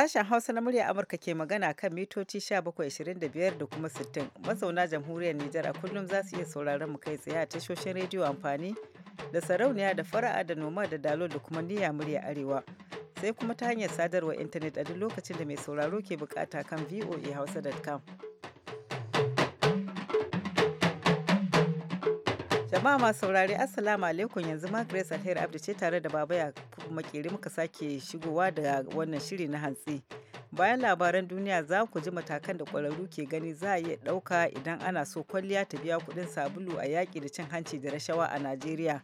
Sashen Hausa na murya Amurka ke magana kan mitoci 1725 da kuma 60. Mazauna jamhuriyar Nijar a kullum za su iya sauraron mu kai tsaye a tashoshin rediyo amfani da sarauniya da fara'a da noma da dalo da kuma niyya murya arewa. Sai kuma ta hanyar sadarwar intanet a duk lokacin da mai sauraro ke bukata kan voa hausa.com. Jama'a masu saurari Assalamu alaikum yanzu ma Grace Alheri Abdu ce tare da Baba ya makeri muka sake shigowa da wannan shiri na hantsi. Bayan labaran duniya za ku ji matakan da ƙwararru ke gani za a iya ɗauka idan ana so kwalliya ta biya kuɗin sabulu a yaƙi da cin hanci da rashawa a Najeriya.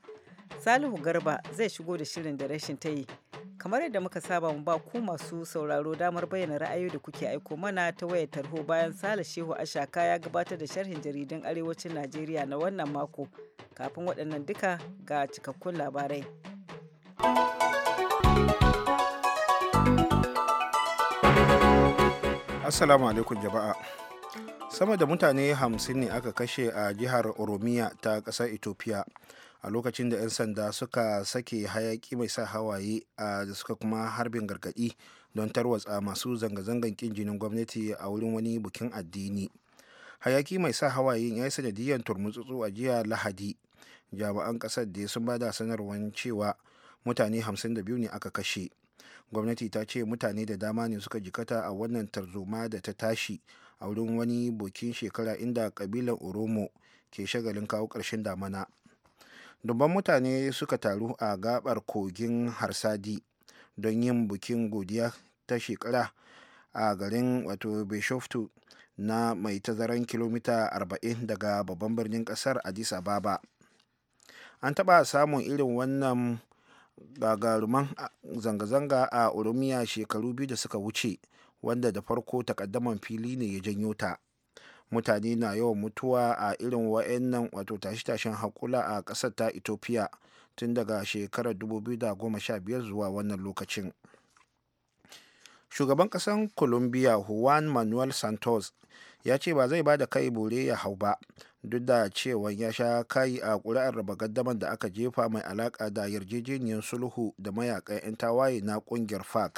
Salihu Garba zai shigo da shirin da rashin ta yi. Kamar yadda muka saba mu ba ku masu sauraro damar bayyana ra'ayoyi da kuke aiko mana ta wayar tarho bayan Sale Shehu Ashaka ya gabatar da sharhin jaridun Arewacin Najeriya na wannan mako. Kafin waɗannan duka ga cikakkun labarai. Assalamu alaikum jama'a. Sama da mutane hamsin ne aka kashe a jihar Oromiya ta ƙasar Ethiopia. a lokacin da 'yan sanda suka sake hayaki mai sa hawaye a da suka kuma harbin gargadi don tarwatsa masu zanga-zangan kin jinin gwamnati a wurin wani bukin addini hayaki mai sa hawayen ya yi sanadiyyar turmutsutsu a jiya lahadi jami'an kasar da sun bada sanarwar cewa mutane 52 ne aka kashe gwamnati ta ce mutane da dama ne suka jikata a wannan tarzoma da ta tashi a wurin wani bukin shekara inda kabilan oromo ke shagalin kawo ƙarshen damana dubban mutane suka taru a gabar kogin harsadi don yin bukin godiya ta shekara a garin wato bishoftu na mai tazaran kilomita 40 daga babban birnin kasar addis ababa an taɓa samun irin wannan gagaruman zanga-zanga a oromiya shekaru biyu da suka wuce wanda da farko takaddaman fili ne ya janyo ta mutane na yawan mutuwa a irin wa'annan wato tashe-tashen hakula a ƙasar ta ethiopia tun daga shekarar 2015 zuwa wannan lokacin shugaban ƙasar colombia juan manuel santos ya ce ba zai ba da kai bore ya hau ba duk da cewa ya sha kai a ƙuri'ar raba gaddamar da aka jefa mai alaƙa da yarjejeniyar sulhu da mayakan 'yan tawaye na ƙungiyar fac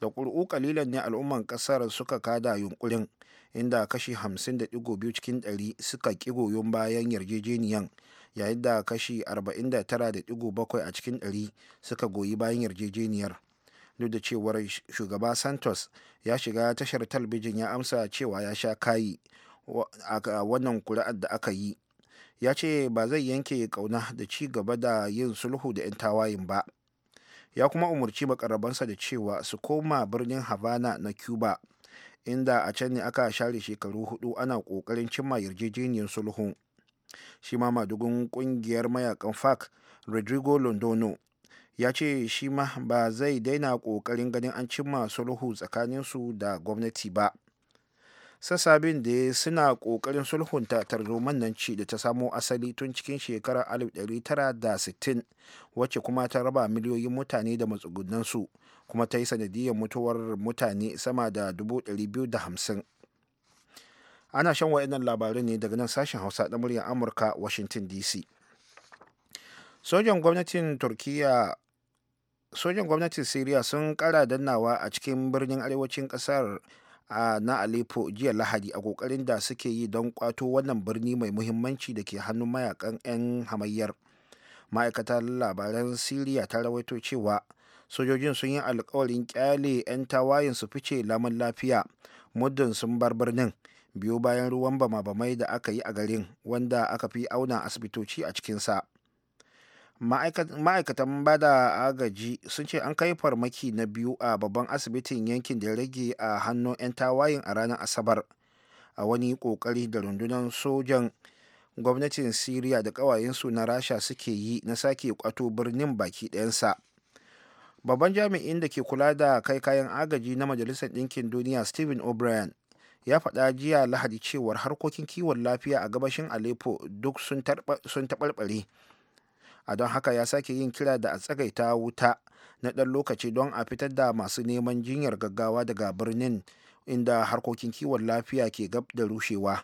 da ƙuri'u kalilan ne al'umman ƙasar suka kada yunƙurin. inda kashi 50.2 cikin 100 suka ƙi goyon bayan yarjejeniyan yayin da kashi 49.7 a cikin 100 suka goyi bayan yarjejeniyar duk da cewar shugaba santos ya shiga tashar talbijin ya amsa cewa ya sha kayi a wannan kuri'ar da aka yi ya ce ba zai yanke kauna da ci gaba da yin sulhu da 'yan tawayin ba ya kuma umarci makarabansa da cewa su koma birnin havana na cuba inda a can ne aka share shekaru hudu ana kokarin cimma yarjejeniyar sulhun shi ma madugun kungiyar mayakan fac rodrigo londono ya ce shi ma ba zai daina kokarin ganin an cimma sulhu tsakanin su da gwamnati ba sassabin da suna kokarin sulhunta tarzoman nan ce da ta samo asali tun cikin shekarar 1960 wacce kuma ta raba miliyoyin mutane da matsugunansu kuma ta yi sanadiyar mutuwar mutane sama da 250 ana shan wa'annan labarai ne daga nan sashen hausa na muryar amurka washington dc sojan gwamnatin turkiya sojan gwamnatin syria sun kara dannawa a cikin birnin arewacin kasar na aleppo jiya lahadi a kokarin da suke yi don kwato wannan birni mai muhimmanci da ke hannun mayakan 'yan hamayyar ma'aikatar labaran syria ta rawaito cewa sojojin sun yi alkawarin kyale 'yan tawayen su fice lamun lafiya muddin sun bar birnin biyu bayan ruwan bama-bamai da aka yi a garin wanda aka fi auna asibitoci a cikinsa ma'aikatan ba da agaji sun ce an kai farmaki na biyu a babban asibitin yankin da ya rage a hannun 'yan tawayen a ranar asabar a wani kokari da rundunar sojan gwamnatin siriya da kawayensu na rasha suke yi na sake kwato birnin baki ɗayansa. babban jami'in da ke kula da kai kayan agaji na majalisar ɗinkin duniya stephen o'brien ya faɗa jiya lahadi cewar harkokin kiwon lafiya a gabashin aleppo duk sun taɓarɓare a don haka ya sake yin kira da a tsagaita wuta na ɗan lokaci don a fitar da masu neman jinyar gaggawa daga birnin inda harkokin kiwon lafiya ke gab da rushewa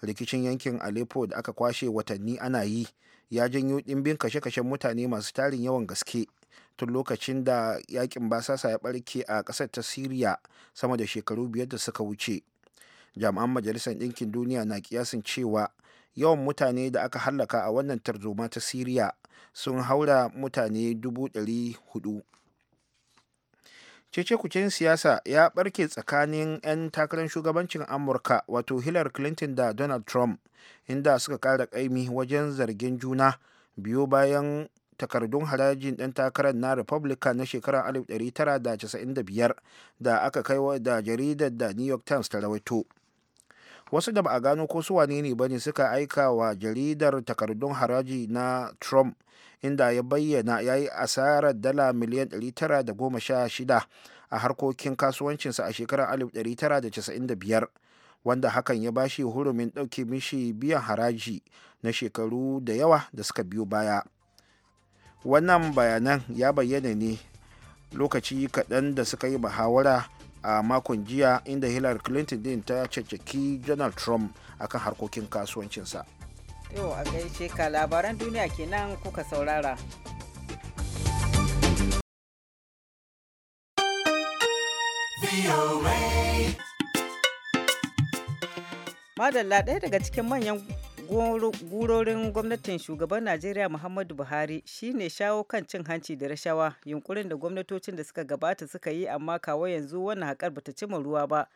rikicin yankin aleppo da aka kwashe watanni ana yi ya janyo ɗimbin kashe-kashen mutane masu tarin yawan gaske tun lokacin da yakin basasa ya barke a ƙasar ta siriya sama da shekaru biyar da suka wuce jami'an majalisar ɗinkin duniya na kiyasin cewa yawan mutane da aka hallaka a wannan tarzoma ta siriya sun haura mutane dubu ɗari hudu cece kucin siyasa ya barke tsakanin 'yan takarar shugabancin amurka wato hillary clinton da donald trump inda suka kara ƙaimi wajen zargin juna biyo bayan takardun harajin ɗan takarar na republican na shekarar 1995 da aka kai da jaridar da new york times ta rawaito wasu da ba a gano ko su wane ne bane suka aika wa jaridar takardun haraji na trump inda ya bayyana ya yi asarar dala miliyan 916 a harkokin kasuwancinsa a shekarar 1995 wanda hakan ya bashi hurumin ɗauke mishi biyan haraji na shekaru da yawa da suka biyo baya wannan bayanan ya bayyana ne lokaci kaɗan da suka yi muhawara a makon jiya inda hillary clinton din ta caccaki donald trump akan harkokin kasuwancinsa yau a gaishe ka labaran duniya kenan kuka saurara madalla ɗaya daga cikin manyan gurorin gwamnatin shugaban najeriya muhammadu buhari shine shawo kan cin hanci da rashawa yunkurin da gwamnatocin da suka gabata suka yi amma kawo yanzu wannan haƙar bata cima ruwa ba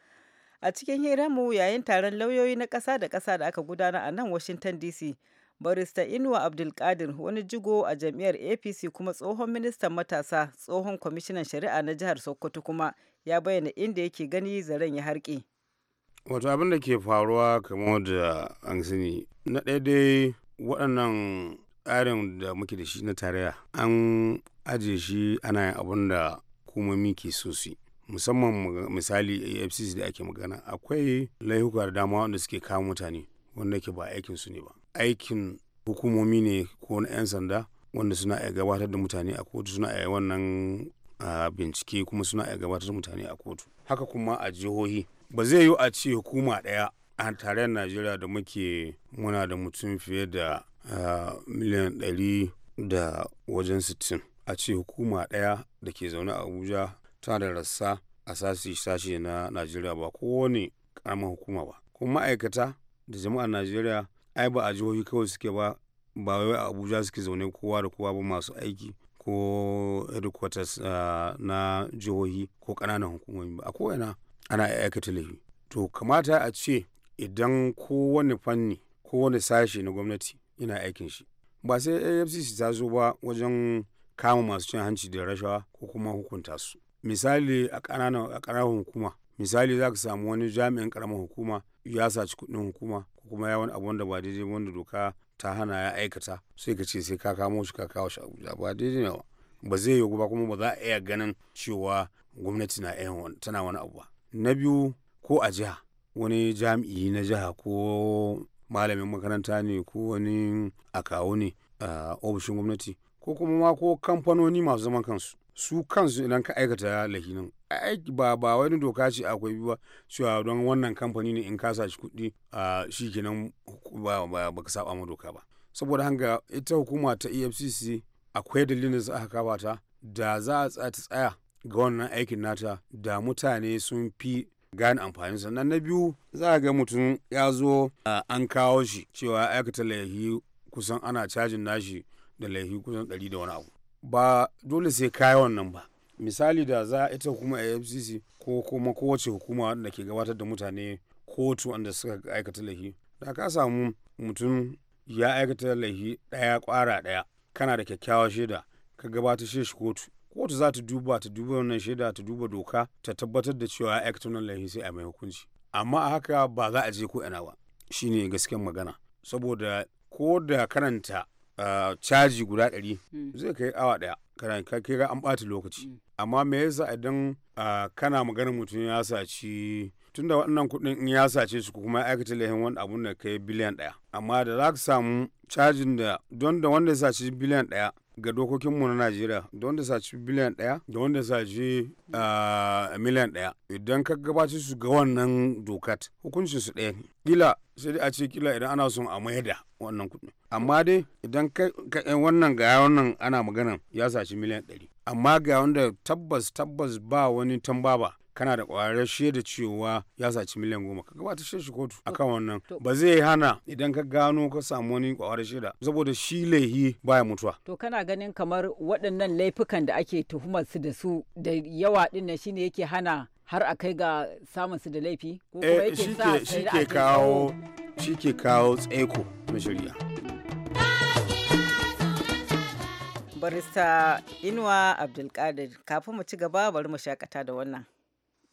a cikin hiranmu yayin taron lauyoyi na ƙasa da ƙasa da aka gudana a nan washington dc barista inuwa abdulkadir wani jigo a jami'ar apc kuma tsohon ministan matasa tsohon kwamishinan shari'a na jihar sokoto kuma ya bayyana inda yake gani zaren ya harke wato abin da ke faruwa kamar da an sani na ɗaya dai waɗannan tsarin da muke da shi na tarayya an ajiye shi ana yin abin da hukumomi ke sosai musamman misali afcc da ake magana akwai laihuka da dama wanda suke kawo mutane wanda ke ba aikin su ne ba aikin hukumomi ne ko na 'yan sanda wanda suna iya gabatar da mutane a kotu suna iya wannan ah, bincike kuma suna iya gabatar da mutane a kotu haka kuma a jihohi ba zai yi a ce hukuma ɗaya a tarayyar najeriya da muke muna da mutum fiye da ah, miliyan ɗari da wajen sittin a ce hukuma ɗaya da ke zaune a abuja ta da rassa a sashi-sashi na najeriya ba kowane karamin hukuma ba kuma ma'aikata da jama'ar najeriya ai ba a jihohi kawai suke ba ba wai a abuja suke zaune kowa da kowa ba masu aiki ko headquarters ah, na jihohi ko ƙananan hukumomi ba a ko'ina ana aikata laifi to kamata a ce idan kowane fanni kowane sashe na gwamnati yana aikin shi ba sai afcc ta zo ba wajen kama masu cin hanci da rashawa ko kuma hukunta su misali a ƙananan hukuma misali za ka samu wani jami'in ƙaramin hukuma ya saci kuɗin hukuma ko kuma ya wani abu wanda ba daidai wanda doka ta hana ya aikata sai ka ce sai ka kamo shi ka kawo shi abuja ba daidai ne ba zai yiwu ba kuma ba za a iya ganin cewa gwamnati na tana wani abu ba na biyu ko a jiha wani jami'i na jiha ko malamin makaranta ne ko wani akawo ne a ofishin gwamnati ko kuma ma ko kamfanoni masu zaman kansu su kansu idan ka aikata lahinin aiki ba ba wani doka ce akwai ba cewa don wannan kamfani ne in ka sa shi kuɗi a shi kenan ba ka saba ma doka ba saboda hanga ita hukuma ta efcc akwai dalilin da a kafa ta da za a tsaya ga wannan aikin nata da mutane sun fi gane amfanin sannan na biyu za a ga mutum ya zo an kawo shi cewa aikata laihi kusan ana cajin nashi da laifi kusan ɗari da wani abu ba dole sai kayi wannan ba misali da za a ita hukuma afcc ko kuma kowace hukuma da ke gabatar da mutane kotu wanda suka aikata laifi da ka samu mutum ya aikata laihi ɗaya kwara ɗaya kana da kyakkyawar shaida ka gabatar shi kotu kotu za ta duba ta duba wannan shaida ta duba doka ta tabbatar da cewa ya tunan wannan sai a mai hukunci amma a haka ba za a je ko ina ba shine gaskiyar magana saboda ko da karanta ah, caji guda ɗari hmm. zai kai awa ɗaya kana kai an ɓata lokaci hmm. amma me yasa idan ah, kana maganar mutum ya saci tunda wannan kuɗin in ya sace su kuma aikata laifin wani abun da kai biliyan ɗaya amma da za ka samu cajin da don da wanda ya sace biliyan ɗaya ga dokokinmu na najeriya da wanda saci biliyan ɗaya da wanda sace ah, miliyan ɗaya idan ka gabatar su ga wannan dokat hukuncin su ɗaya ne kila sai dai a ce kila idan ana son a mayar da wannan kuɗin. amma dai idan ka eh, wannan ga wannan ana magana ya saci miliyan ɗari amma ga wanda tabbas tabbas ba wani tambaba. kana da ƙwararren da cewa ya saci miliyan goma ka gabata shi kotu akan wannan ba zai hana idan ka gano ka samu wani ƙwararren da saboda shi laihi baya mutuwa to kana ganin kamar waɗannan laifukan da ake tuhumar su da su da yawa ɗin nan shine yake hana har a kai ga samun su da laifi ko kuma eh, yake sa shi ke kawo shi ke kawo tsaiko na shari'a barista inuwa abdulkadir kafin mu ci gaba bari mu shakata da wannan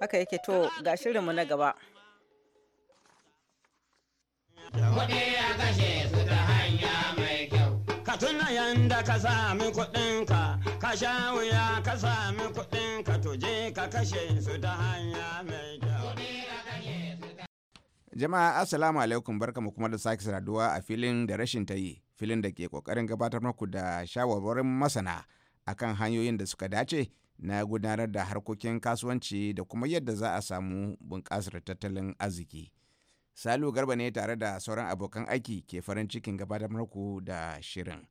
haka yake to ga shirinmu na gaba kashe su hanya mai kyau ka tuna yanda ka sami kuɗinka ka sha wuya ka sami kuɗinka tuje ka kashe su ta hanya mai kyau jama'a assalamu alaikum barkamu kuma da sake saduwa a filin da rashin ta yi filin da ke kokarin gabatar muku da shawarwarin masana akan hanyoyin da suka dace na gudanar da harkokin kasuwanci da kuma yadda za a samu bunƙasar tattalin arziki. Salu Garba ne tare da sauran abokan aiki ke farin cikin gabatar muku da shirin.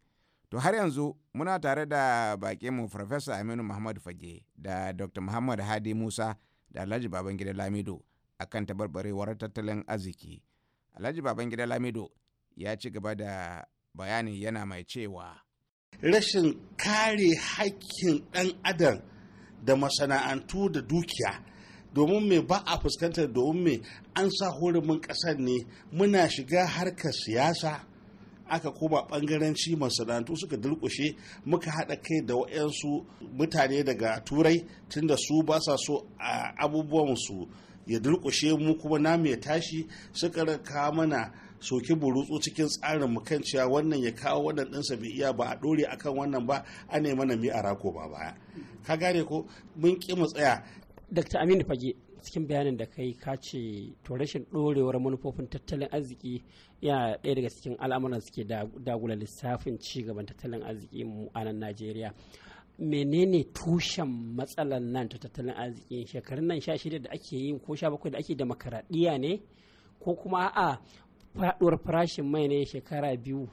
To har yanzu muna tare da mu Farfesa Aminu Muhammad Fage da Dr. Muhammad Hadi Musa da Alhaji Babangida Lamido kan tabarbarewar tattalin arziki. Alhaji Babangida Lamido ya ci gaba da bayani yana mai cewa. Rashin kare haƙƙin ɗan adam. da masana'antu da dukiya domin me ba a fuskantar domin me an sa hurumin ƙasar ne muna shiga harkar siyasa aka koma bangaranci masana'antu suka durkushe muka haɗa kai da waɗansu mutane daga turai tunda su ba sa so a su ya durkushe mu kuma namu ya tashi suka raka mana soki burutsu cikin tsarin mu kan cewa wannan ya kawo wannan ɗinsa bai iya ba a ɗore akan wannan ba a ne mana mi a rako ba baya ka gane ko mun ki mu tsaya dr aminu fage cikin bayanin da kai ka ce to rashin ɗorewar manufofin tattalin arziki yana ɗaya daga cikin al'amuran suke dagula lissafin ci gaban tattalin arziki mu a nan najeriya menene tushen matsalar nan ta tattalin arziki shekarun nan sha shida da ake yi ko sha bakwai da ake demokaradiyya ne ko kuma a'a faɗuwar farashin mai ne shekara biyu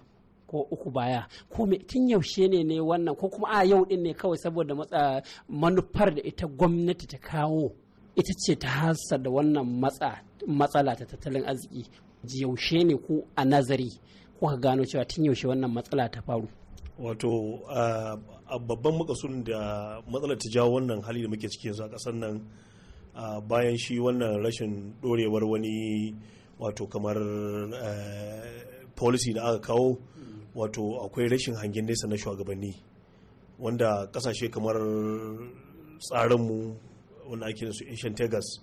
ko uku baya ko me tun yaushe ne ne wannan ko kuma a yau din ne kawai saboda matsa manufar da ita gwamnati ta kawo ita ce ta hasa da wannan matsa matsala ta tattalin arziki yaushe ne ko a nazari ko ka gano cewa tun yaushe wannan matsala ta faru wato a babban makasun da matsalar ta jawo wannan hali da muke ciki yanzu a kasar nan bayan shi wannan rashin dorewar wani wato kamar eh, policy da aka kawo wato akwai rashin hangen nesa na shugabanni wanda kasashe kamar tsarinmu wanda ake su asian tigers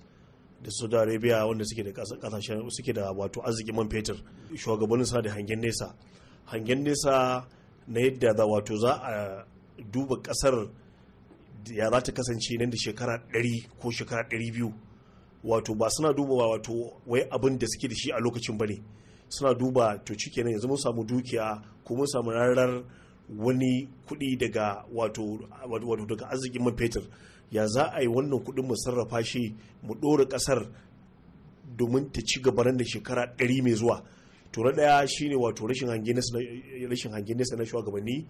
da saudi arabia wanda suke da kasashen suke da wato arziki man fetur shugabannin suna da hangen nesa hangen nesa na yadda za wato za a duba kasar ya za ta kasance nan da shekara 100 ko shekara 200 wato ba suna duba wato wai abin da suke da shi a lokacin bane suna duba to cike yanzu mun samu dukiya ko mun samu rarar wani kuɗi daga wato daga arzikin man fetur ya za a yi wannan kuɗin mu sarrafa shi mu ɗora ƙasar domin ta ci gaba da shekara ɗari mai zuwa to na ɗaya shine wato rashin hangen nesa na shugabanni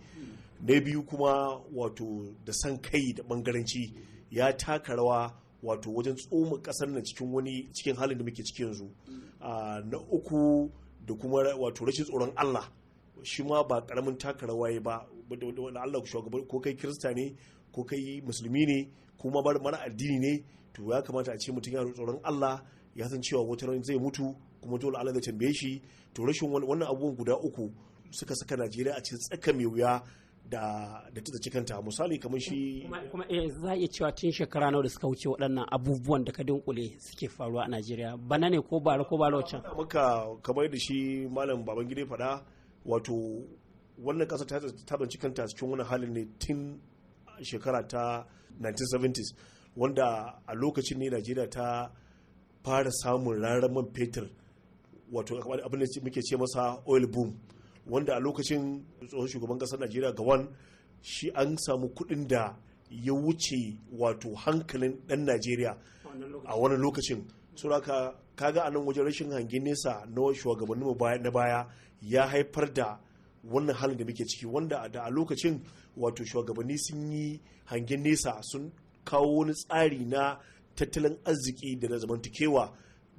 na biyu kuma wato da san kai da bangaranci ya taka rawa wato wajen tsoma kasar na cikin wani cikin halin da muke ciki yanzu mm. ah, na uku da kuma wato rashin tsoron Allah shi ma ba karamin taka rawa rawaye ba wanda Allah ko kai kirista ne ko kai musulmi ne kuma bar mara addini ne to ya kamata a ce mutum ya tsoron Allah ya san cewa wata ran zai mutu kuma dole Allah zai tambaye shi to rashin wannan abubuwan guda uku suka saka Najeriya a cikin tsaka mai wuya da da ta misali kamar shi kuma eh, za a iya cewa tun shekara nawa da suka wuce waɗannan abubuwan da ka dinkule suke faruwa a Najeriya bana ne ko bara ko bara wacce maka kamar da shi malam babangide faɗa wato wannan ƙasa ta ta kanta cikin wani halin ne tun shekara ta 1970s wanda a lokacin ne Najeriya ta fara samun rarraman man fetur wato abin da muke ce masa oil boom wanda a lokacin tsohon shugaban kasar najeriya gawan shi an samu kuɗin da ya wuce wato hankalin ɗan najeriya a wani lokacin suraka kaga anan wajen rashin hangen nesa na shugabannin na baya ya haifar da wannan halin da muke ciki wanda da a lokacin wato shugabanni sun yi hangen nesa sun kawo wani tsari na tattalin arziki da na zamantakewa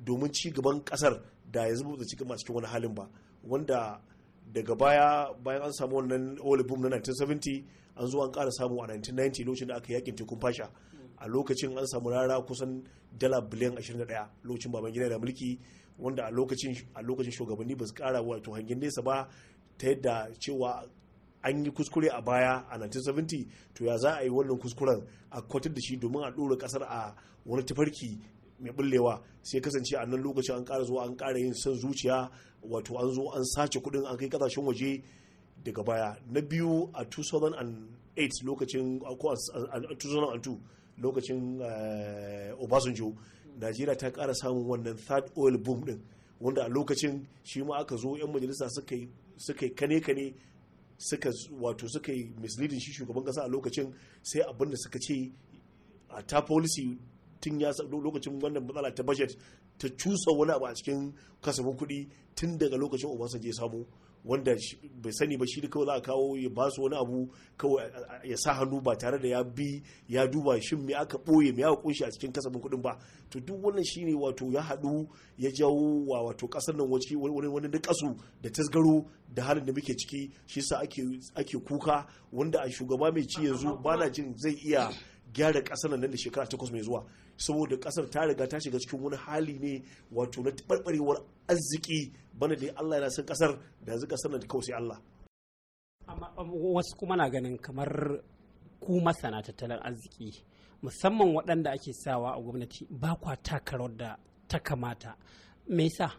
domin ci gaban kasar da ya zama da cikin masu cikin wani halin ba wanda daga baya bayan an samu wannan oil boom na 1970 an zo an kara samu a 1990 lokacin da aka yakin tekun fasha a lokacin an samu rara kusan dala biliyan 21 lokacin baban gida da mulki wanda a lokacin shugabanni ba su wa wato hangen nesa ba ta yadda cewa an yi kuskure a baya a 1970 to ya za a yi wannan kuskuren a kwatar da shi domin a ɗora ƙasar a wani tafarki mai bullewa sai kasance a nan lokacin an kara zuwa an kara yin son zuciya wato an zo an sace kuɗin an kai kasashen waje daga baya na biyu a 2008 lokacin ko a 2002 lokacin eh, obasanjo najeriya ta kara samun wannan third oil boom din wanda a lokacin shi ma aka zo 'yan majalisa suka yi kane-kane suka wato suka yi misleading shi shugaban kasa a lokacin sai abin da suka ce a ta policy tun ya lokacin wannan matsala ta budget ta cusa wani abu a cikin kasafin kuɗi tun daga lokacin obasa je samu wanda bai sani ba shi da kawai za a kawo ya ba su wani abu kawai ya sa hannu ba tare da ya bi ya duba shin me aka ɓoye me aka kunshi a cikin kasafin kuɗin ba to duk wannan shine wato ya haɗu ya jawo wa wato ƙasar nan wani wani wani ƙasu da tasgaro da halin da muke ciki shi sa ake ake kuka wanda a shugaba mai ci yanzu ba na jin zai iya gyara ƙasar nan da shekara takwas mai zuwa saboda kasar ta riga ta shiga cikin wani hali ne wato na taɓarɓarewar arziki bana da Allah yana son kasar da yanzu kasar da kawai sai Allah um, wasu kuma na ganin kamar ku masana tattalin arziki musamman waɗanda ake sawa a gwamnati ba kwa taka rawar da ta kamata me yasa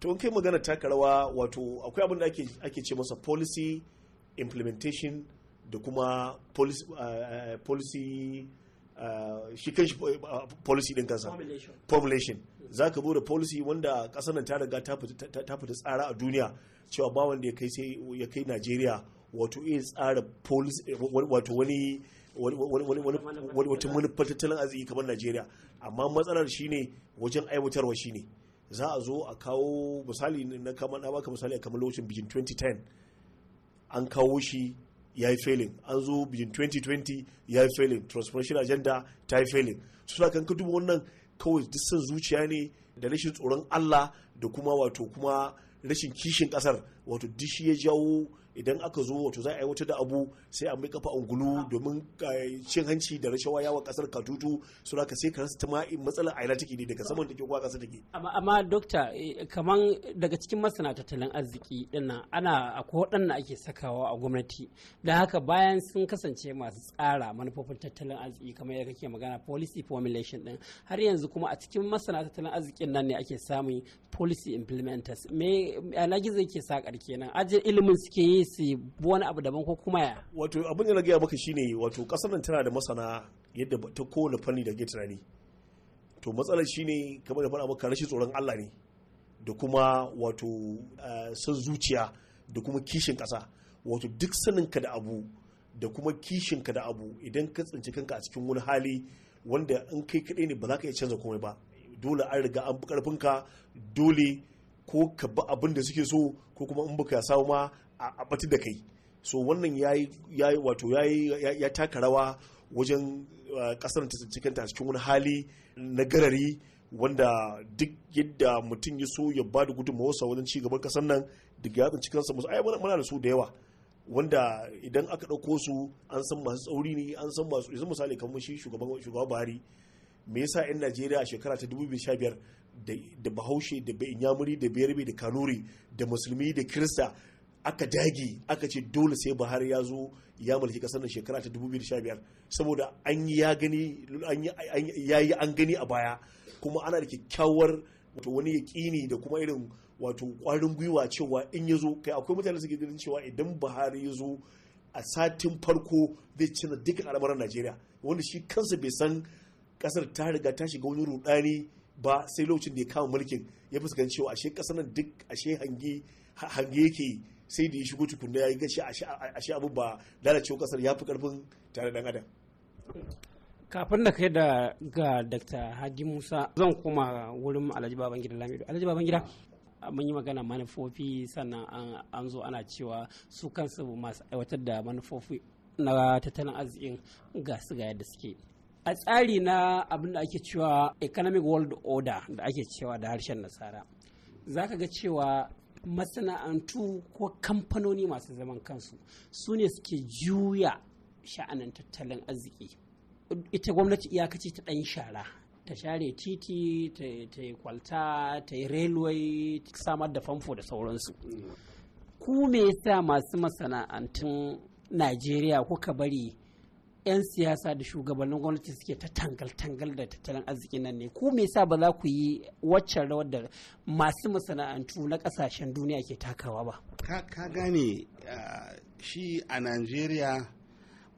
to in kai magana taka wato akwai abin da ake ce masa policy implementation da kuma policy, uh, uh, policy Uh, shi kan shi uh, policy din kansa population za ka bude policy wanda kasar nan ta riga ta fita tsara a duniya cewa ba wanda ya kai sai ya kai Najeriya wato iya tsara policy wato wani wani wani wani tattalin arziki kamar Najeriya amma matsalar shine wajen aiwatarwa shine za a zo a kawo misali na kamar na baka misali kamar lokacin bijin 2010 an kawo shi ya yi an zo bijin 2020 ya yi felin transformation agenda ta yi su suna kan wannan kawai duk zuciya ne da rashin tsoron allah da kuma wato kuma rashin kishin kasar wato dishi ya jawo idan aka zo wato za a aiwatar da abu sai a mai kafa ungulu domin eh, cin hanci da rashawa yawa kasar katutu su ka sai ka rasa ta matsalar aila take ne daga saman take kuwa kasa take amma dokta eh, kaman daga cikin masana tattalin arziki dinnan ana akwai waɗanda ake sakawa a gwamnati da haka bayan sun kasance masu tsara manufofin tattalin arziki kamar yadda kake magana policy formulation din har yanzu kuma a cikin masana tattalin arzikin nan ne ake samun policy implementers me gizo yake sa kenan ajin ilimin suke yi su wani abu daban ko kuma ya wato abin da na gaya maka shine wato kasar nan tana da masana yadda ta kowane fanni da ke tunani to matsalar shine kamar da faɗa maka rashin tsoron Allah ne da kuma wato eh, son zuciya da kuma kishin ƙasa wato duk sanin ka da abu da kuma kishinka da abu idan ka tsinci kanka a cikin wani hali wanda in kai kaɗai ne ba za ka iya canza komai ba dole an riga an fi ka dole ko ka bi abin da suke so ko kuma in baka samu ma a batar da kai so wannan ya yi ya taka rawa wajen uh, kasar ta cikin cikin wani hali na garari wanda duk yadda mutum ya so ya ba da gudunmawarsa wajen ci gaban kasar nan duk ya tsinci kansa ai muna da su da yawa wanda idan aka ɗauko su an san masu tsauri ne an san masu yanzu misali kamar shi shugaban buhari me yasa 'yan najeriya a shekara ta 2015 da bahaushe da inyamuri da bayarbe da kanuri da musulmi da kirista aka dage aka ce dole sai buhari ya zo ya mulki kasar nan shekara ta 2015 saboda an yi ya gani ya yi an gani a baya kuma ana da kyakkyawar wato wani yaƙini da kuma irin wato ƙwarin gwiwa cewa in ya zo kai akwai mutane suke ganin cewa idan buhari ya zo a satin farko zai cina dukkan al'amuran najeriya wanda shi kansa bai san kasar ta riga ta shiga wani rudani ba sai lokacin da ya kama mulkin ya fuskanci cewa ashe kasar nan duk ashe hange hange yake sai da ya shigo tukunna ya yi gashi a shi abu ba lalacewa kasar ya fi karfin tare dan adam kafin da kai da ga dr haji musa zan koma wurin alhaji gida lamido alhaji gida mun yi magana manufofi sannan an zo ana cewa su kansu masu aiwatar da manufofi na tattalin arzikin ga su ga yadda suke a tsari na abin da ake cewa economic world order da ake cewa da harshen nasara za ka ga cewa masana'antu ko kamfanoni masu zaman kansu su ne suke juya sha'anin tattalin arziki ita gwamnati iyakaci ta ɗan shara ta share titi ta yi kwalta ta yi railway ta samar da famfo da sauransu mm. ku me yasa masu masana'antun najeriya kuka bari 'yan siyasa da shugabannin gwamnati suke ta tangal-tangal da tattalin arziki nan ne ku me yasa ba za ku yi waccan rawar da masu masana'antu na kasashen duniya ke takawa ba ka gane ah, shi a najeriya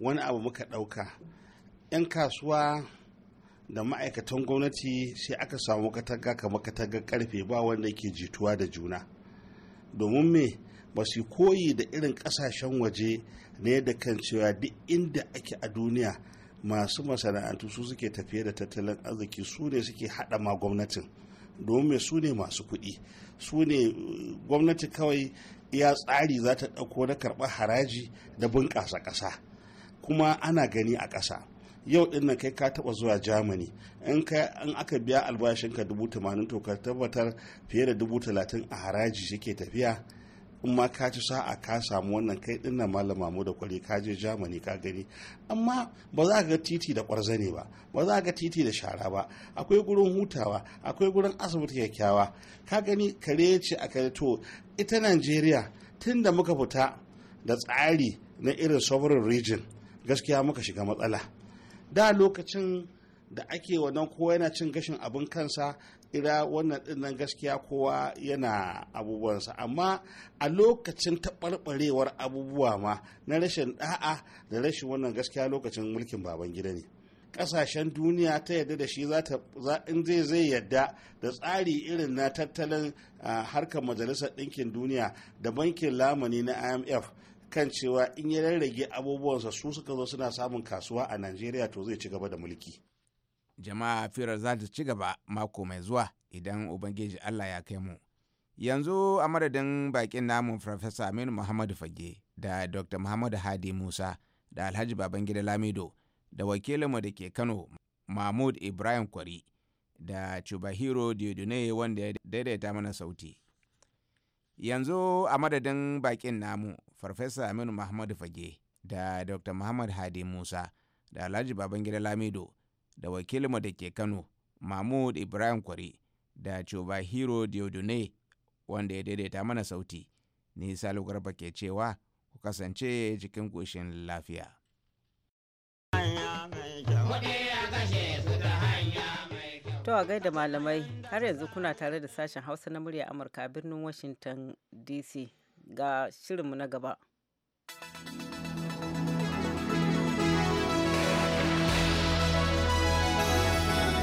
wani abu muka ɗauka 'yan kasuwa da ma'aikatan gwamnati sai aka samu katanga kamar katangar karfe ba wanda ke jituwa da juna domin me ba su koyi da irin kasashen waje ne da kan cewa duk inda ake a duniya masu masana'antu su suke tafiye da tattalin arziki su ne suke haɗa ma gwamnatin domin su ne masu kuɗi su ne eh, gwamnati kawai ya tsari za ta ɗauko na karɓar haraji da bunƙasa ƙasa kuma ana gani a ƙasa yau din nan kai ka taba zuwa germany in an aka biya albashinka dubu tamanin to ka tabbatar fiye da dubu talatin a haraji ke tafiya in ma ka ci sa'a ka samu wannan kai din nan malam mu da kwari ka je germany ka gani amma ba za ka ga titi da kwarzane ba ba za ka ga titi da shara ba akwai gurin hutawa akwai gurin asibiti kyakkyawa ka gani kare ce a kare to ita najeriya tun da muka fita da tsari na irin sovereign region gaskiya muka shiga matsala da lokacin da ake wannan kowa yana cin gashin abin kansa ira wannan dinnan gaskiya kowa yana abubuwansa amma a lokacin taɓarɓarewar abubuwa ma na rashin da'a da rashin wannan gaskiya lokacin mulkin baban gida ne ƙasashen duniya ta yadda da shi in zai zai yadda da tsari irin na tattalin harkar majalisar ɗinkin duniya da bankin lamani na imf kan cewa in ya rarrage abubuwansa su suka zo suna samun kasuwa a najeriya to zai ci gaba da mulki Jama'a firar za ta ci gaba mako mai zuwa idan Ubangiji Allah ya kai mu. Yanzu a madadin bakin namu Farfesa Aminu Muhammadu Fage da Dr. Muhammadu Hadi Musa da Alhaji Babangida Lamido da wakilinmu da ke Kano Mahmud Ibrahim Kwari da Chubahiro Diodune wanda ya daidaita mana sauti. Yanzu a madadin bakin namu Farfesa Aminu Muhammadu Fage da Dr. Muhammad Hadi Musa da Alhaji Babangida Lamido. da wakilinmu da ke Kano Mahmud Ibrahim Kwari da chuba Hero Diodune wanda ya daidaita mana sauti. Ni Salu Garba ke cewa ku kasance cikin ƙoshin lafiya. To a gaida malamai har yanzu kuna tare da sashen Hausa na murya Amurka birnin Washington DC ga shirinmu na gaba.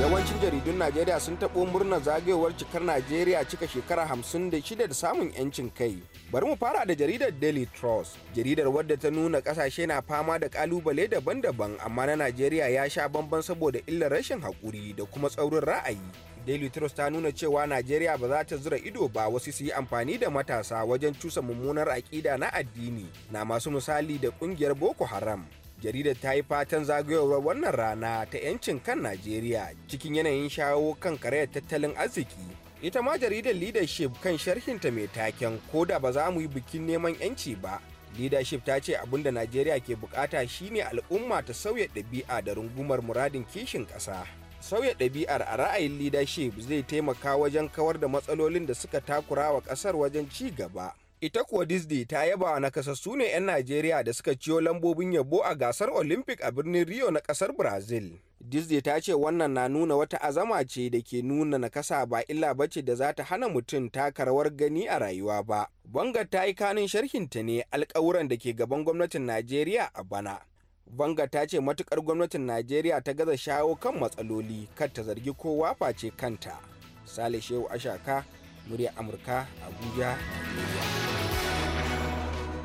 yawancin jaridun najeriya sun taɓo murnar zagayowar cikar najeriya cika shekara hamsin da shida da samun yancin kai bari mu fara da jaridar daily trust jaridar wadda ta nuna ƙasashe na fama da ƙalubale daban-daban amma na najeriya ya sha bamban saboda illar rashin haƙuri da kuma tsaurin ra'ayi daily trust ta nuna cewa najeriya ba za ta zura ido ba wasu su yi amfani da matasa wajen cusa mummunar aƙida na addini na masu misali da ƙungiyar boko haram jaridar ta yi fatan zagayowar wannan rana ta 'yancin kan najeriya cikin yanayin shawo kan karayar tattalin arziki ita ma jaridar leadership kan sharhinta mai taken ko da ba za mu yi bikin neman 'yanci ba leadership ta ce abinda najeriya ke bukata shine al'umma ta sauya ɗabi'a da rungumar muradin kishin ƙasa sauya ɗabi'ar a ra'ayin leadership zai taimaka wajen kawar da matsalolin da suka takura wa ƙasar wajen ci gaba Ita kuwa Disney ta yaba nakasassu ne 'yan Najeriya da suka ciyo lambobin yabo a gasar Olympic a birnin Rio na kasar Brazil. Disney ta ce wannan na nuna wata azama ce da ke nuna nakasa ba illa bace da za ta hana mutum takarwar gani a rayuwa ba. Bangar ta yi kanin sharhinta ne alkawuran da ke gaban gwamnatin Najeriya a bana. Bangar ta ce matukar gwamnatin Najeriya ta gaza shawo kan matsaloli kar ta zargi kowa face kanta. Sale Shehu Ashaka, murya Amurka, Abuja, Abuja.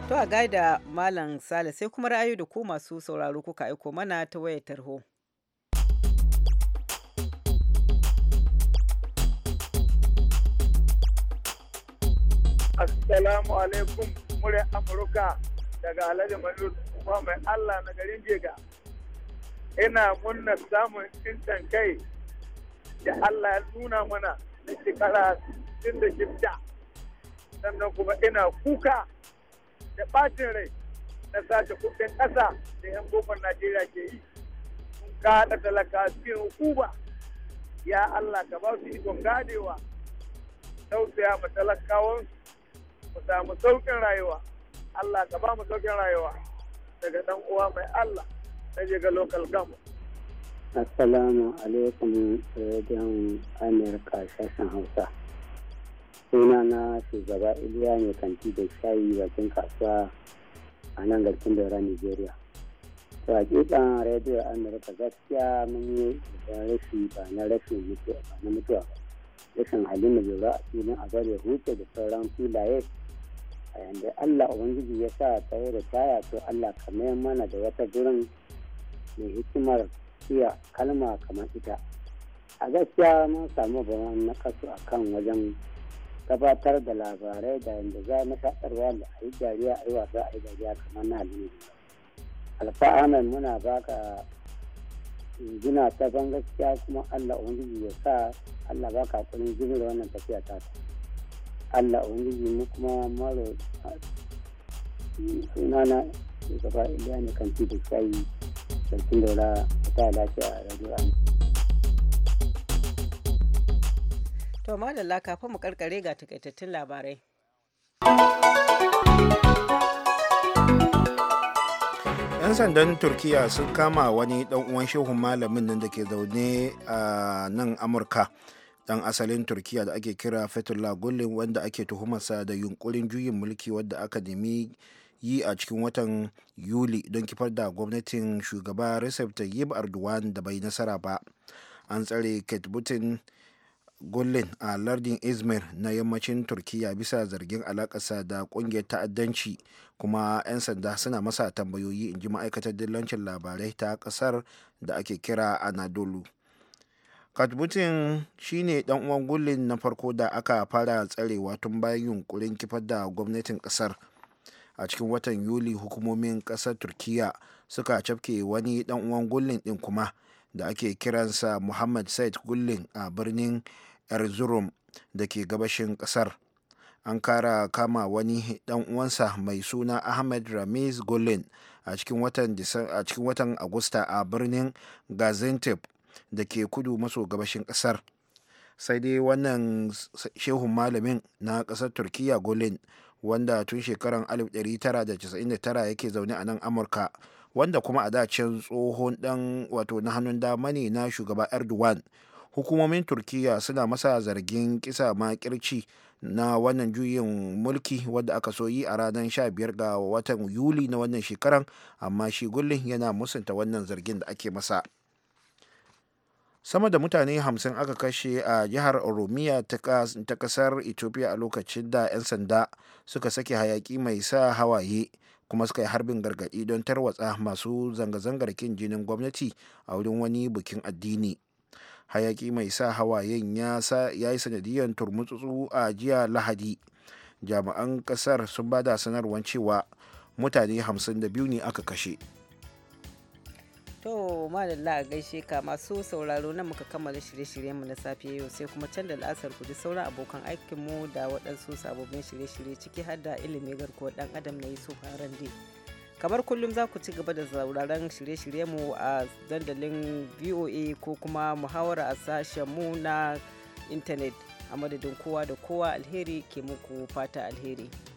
To a gaida Malam Sale sai kuma ra'ayi da ku masu sauraro kuka aiko mana ta wayar tarho. Assalamu alaikum muryar Amurka daga Alhaji Malu kuma mai Allah na garin Jega. Ina munna samun intan kai da Allah ya nuna mana na shekara 66 sannan kuma ina kuka da ɓacin rai na sace kudin ƙasa da 'yan gobar Najeriya ke yi sun kaɗa talaka cikin hukuma ya Allah ka ba su ikon gadewa tausaya ma talakawan mu samu sauƙin rayuwa Allah ka ba mu sauƙin rayuwa daga ɗan uwa mai Allah na je ga local government Assalamu alaikum rediyon Amurka Sassan Hausa. suna na shugaba iliya ne kanti da shayi bakin kasuwa a nan garkin daura nigeria to kitan radio amurka gaskiya mun yi rashi ba na rashin mutuwa ba na mutuwa rashin halin lura a filin a gare huce da sauran filaye a yanda allah ubangiji ya sa tsaye da taya to allah kamar mana da wata gurin mai hikimar iya kalma kamar ita a gaskiya mun samu bayan nakasu kasu akan wajen gabatar da labarai da yadda za na shaɗarwa da a yi dariya a yi wasa a yi dariya kamar na halin alfa'anan muna baka gina ta ban gaskiya kuma allah ubangiji ya sa allah baka jini da wannan tafiya ta allah ubangiji mu kuma maro sunana shugaba iliya ne kan titin shayi sarkin daura ta lafiya a radio To madalla kafin mu karkare ga takaitattun labarai. yan sandan turkiya sun kama wani dan uwan shehun malamin nan da ke zaune a nan amurka dan asalin turkiya da ake kira fetullah gullin wanda ake tuhumarsa da yunkurin juyin mulki wadda aka nemi yi a cikin watan yuli don kifar da gwamnatin shugaba recep tayyip erdogan da bai nasara ba an tsare kate butin gullin a lardin izmir na yammacin turkiya bisa zargin alakasa da kungiyar ta'addanci kuma 'yan sanda suna masa tambayoyi in ji ma'aikatar dillancin labarai ta kasar da ake kira anadolu katbutin shine dan uwan gullin na farko da aka fara tsarewa tun bayan yunkurin kifar da gwamnatin kasar a cikin watan yuli hukumomin kasar turkiya suka cafke wani dan uwan gullin din kuma da ake kiransa muhammad said gullin a birnin erzurum da ke gabashin kasar an kara kama wani dan uwansa mai suna ahmed ramiz gullin a cikin watan agusta a birnin gaziantep da ke kudu maso gabashin kasar sai dai wannan shehun malamin na kasar turkiya gullin wanda tun shekarar 1999 yake zaune a nan amurka wanda kuma a dacin tsohon dan wato na hannun dama ne na shugaba erdogan hukumomin turkiya suna masa zargin kisa makirci na wannan juyin mulki wadda aka so yi a ranar 15 ga watan yuli na wannan shekaran amma shi gullin yana musanta wannan zargin da ake masa sama da mutane 50 aka kashe a jihar oromiya ta kasar ethiopia a lokacin da 'yan sanda suka sake hayaki mai sa hawaye kuma suka yi harbin gargaɗi don tarwatsa masu zanga-zangar kin jinin gwamnati a wurin wani bikin addini hayaki mai sa hawayen ya yi sanadiyar turmutsu a jiya lahadi jami'an kasar sun bada sanarwar cewa mutane 52 ne aka kashe. To madalla a gaishe ka masu sauraro nan muka kammala shirye-shiryenmu na safiya yau sai kuma can da la'asar ku ji sauran abokan aikinmu da waɗansu sababbin shirye-shirye ciki har da ilimi garkuwar ɗan adam na Yusuf dai Kamar kullum za ku ci gaba da sauraron shirye-shiryenmu a dandalin VOA ko kuma muhawara a sashen mu na intanet a madadin kowa da kowa alheri ke muku fata alheri.